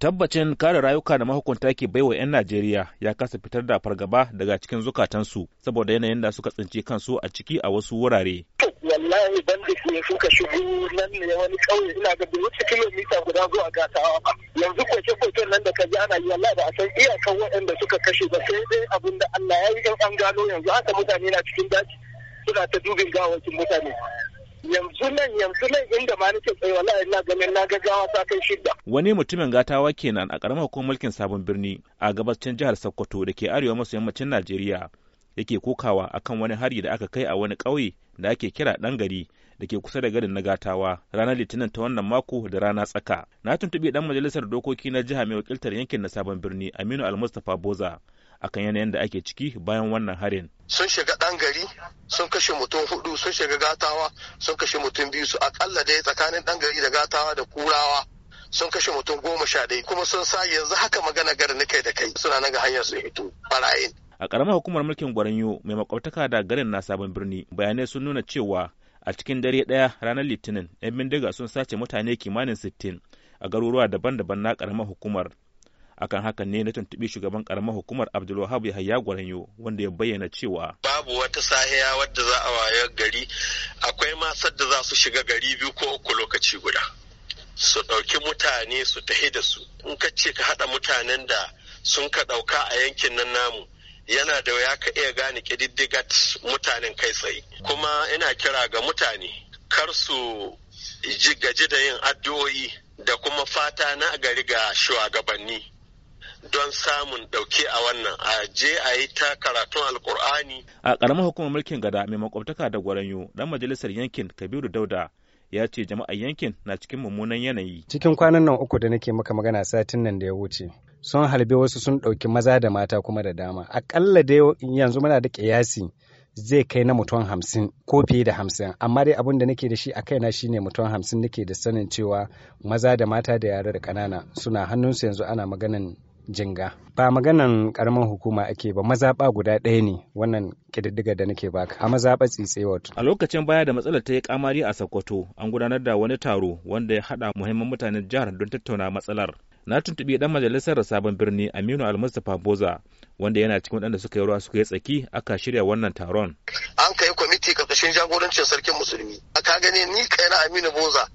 tabbacin kare rayuka da mahukunta ke baiwa 'yan Najeriya ya kasa fitar da fargaba daga cikin zukatansu saboda yanayin da suka tsinci kansu a ciki a wasu wurare. Wallahi ban da ne suka shigo nan ne wani ƙauye ina ga bai wuce kilomita guda zuwa gatawa ba. Yanzu kwace kwacen nan da ka ji ana yi wallahi ba san iyakan waɗanda suka kashe ba sai dai abin da Allah ya yi an gano yanzu haka mutane na cikin daji suna ta dubin gawar mutane. yanzu nan yanzu nan inda ma nake tsaye wallahi ina ganin na gaggawa ta kai shidda wani mutumin gatawa kenan a karamar hukumar mulkin sabon birni a gabacin jihar Sokoto da ke arewa maso yammacin Najeriya yake kokawa akan wani hari da aka kai a wani ƙauye da ake kira ɗan gari da ke kusa da garin na gatawa ranar litinin ta wannan mako da rana tsaka na tuntuɓi ɗan majalisar dokoki na jiha mai wakiltar yankin na sabon birni aminu almustapha boza akan yanayin da ake ciki bayan wannan harin. Sun shiga ɗan gari sun kashe mutum hudu sun shiga gatawa sun kashe mutum biyu su akalla dai tsakanin ɗan gari da gatawa da kurawa sun kashe mutum goma sha ɗaya kuma sun sa yanzu haka magana garin na kai da kai suna nan ga hanyar su hito barayin. A ƙaramar hukumar mulkin Gwaranyo mai makwabtaka da garin na sabon birni bayanai sun nuna cewa a cikin dare ɗaya ranar Litinin 'yan bindiga sun sace mutane kimanin sittin a garuruwa daban-daban na ƙaramar hukumar. akan hakan ne na tuntuɓi shugaban karamar hukumar abdulwahab yahaya gwaranyo wanda ya bayyana cewa babu wata sahiya wadda za a wayo gari akwai ma da za su shiga gari biyu ko uku lokaci guda su ɗauki mutane su tahi da su in ka ce ka haɗa mutanen da sun ka ɗauka a yankin nan namu yana da ya ka iya gane ƙididdigat mutanen kai tsaye kuma ina kira ga mutane kar su ji gaji da yin addu'o'i da kuma fata na gari ga shugabanni don samun ɗauke a wannan a je a yi ta karatun alkur'ani. a ƙaramar hukumar mulkin gada mai makwabtaka da gwaranyo ɗan majalisar yankin kabiru dauda ya ce jama'a yankin na cikin mummunan yanayi cikin kwanan nan uku da nake maka magana satin nan da ya wuce sun halbe wasu sun ɗauki maza da mata kuma da dama akalla da yanzu muna da kiyasi zai kai na mutum hamsin ko fiye da hamsin amma dai abin da nake da shi a kaina ne mutum hamsin nake da sanin cewa maza da mata da yara da ƙanana suna hannunsu yanzu ana maganan jinga ba maganan karamar hukuma ake ba mazaɓa guda ɗaya ne wannan ƙididdiga da nake baka a mazaɓa tsitse wato a lokacin baya da matsalar ta yi kamari a sokoto an gudanar da wani taro wanda ya haɗa muhimman mutanen jihar don tattauna matsalar na tuntuɓi ɗan majalisar sabon birni aminu almustapha boza wanda yana cikin waɗanda suka yi ruwa suka yi tsaki aka shirya wannan taron an kai kwamiti karkashin jagorancin sarkin musulmi a ka gani ni kaina aminu boza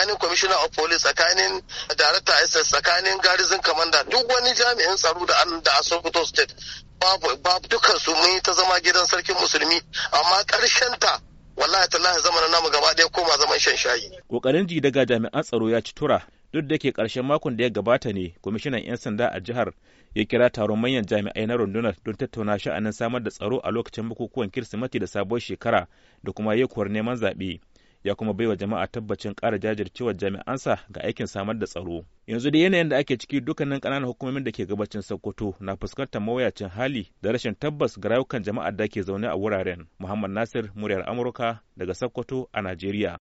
tsakanin commissioner of police tsakanin director ss tsakanin garrison commander duk wani jami'in tsaro da an da a sokoto state babu babu dukkan su mun ta zama gidan sarkin musulmi amma karshen ta wallahi tallahi zaman namu gaba ɗaya koma zaman shan shayi kokarin ji daga jami'an tsaro ya ci tura duk da ke ƙarshen makon da ya gabata ne kwamishinan 'yan sanda a jihar ya kira taron manyan jami'ai na rundunar don tattauna sha'anin samar da tsaro a lokacin bukukuwan kirsimati da sabuwar shekara da kuma yekuwar neman zaɓe ya kuma baiwa jama'a tabbacin ƙara jajircewar jami'ansa ga aikin samar da tsaro. Yanzu da yanayin da ake ciki dukkanin ƙananan hukumomin da ke gabacin Sokoto na fuskantar mawuyacin hali da rashin tabbas ga rayukan jama'ar da ke zaune a wuraren. Muhammad Nasir, muryar Amurka daga Sokoto a Najeriya.